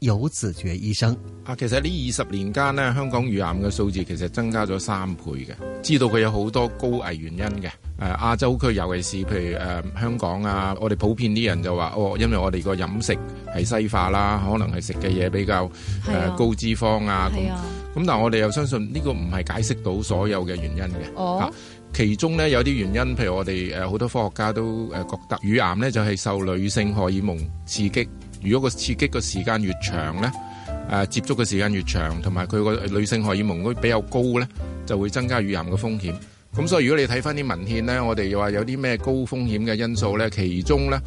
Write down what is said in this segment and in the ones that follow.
有子爵醫生啊，其實呢二十年間香港乳癌嘅數字其實增加咗三倍嘅。知道佢有好多高危原因嘅，誒、呃，亞洲區尤其是譬如誒、呃、香港啊，我哋普遍啲人就話哦，因為我哋個飲食係西化啦，可能係食嘅嘢比較誒、呃 yeah. 高脂肪啊咁。咁、yeah. 但係我哋又相信呢個唔係解釋到所有嘅原因嘅、oh. 啊、其中呢，有啲原因，mm-hmm. 譬如我哋誒好多科學家都誒覺得乳癌呢就係、是、受女性荷爾蒙刺激。Mm-hmm. 如果個刺激嘅時間越長咧，誒接觸嘅時間越長，同埋佢個女性荷爾蒙會比較高咧，就會增加乳癌嘅風險。咁、嗯、所以如果你睇翻啲文獻咧，我哋又話有啲咩高風險嘅因素咧，其中咧，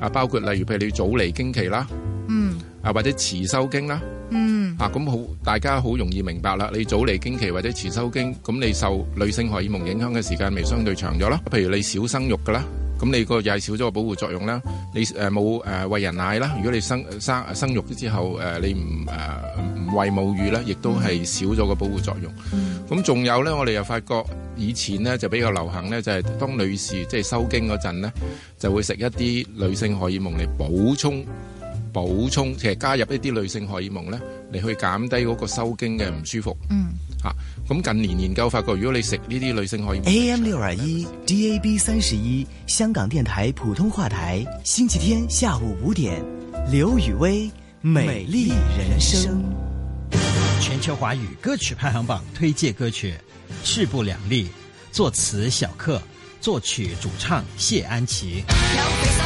啊包括例如譬如你早嚟經期啦，嗯，啊或者遲收經啦，嗯，啊咁好，大家好容易明白啦。你早嚟經期或者遲收經，咁你受女性荷爾蒙影響嘅時間咪相對長咗啦。譬如你少生育噶啦。咁你個又係少咗個保護作用啦，你誒冇誒餵人奶啦，如果你生生生育之後誒、呃、你唔誒唔餵母乳啦，亦都係少咗個保護作用。咁、嗯、仲有咧，我哋又發覺以前咧就比較流行咧，就係、是、當女士即係、就是、收經嗰陣咧，就會食一啲女性荷爾蒙嚟補充、補充，其實加入一啲女性荷爾蒙咧，嚟去減低嗰個收經嘅唔舒服。嗯。啊咁近年研究發覺，如果你食呢啲女性可以。A M 六二一 D A B 三十一，香港電台普通話台，星期天下午五點，劉雨薇，美麗人生，全球華語歌曲排行榜推薦歌曲，勢不兩立，作詞小克，作曲主唱謝安琪。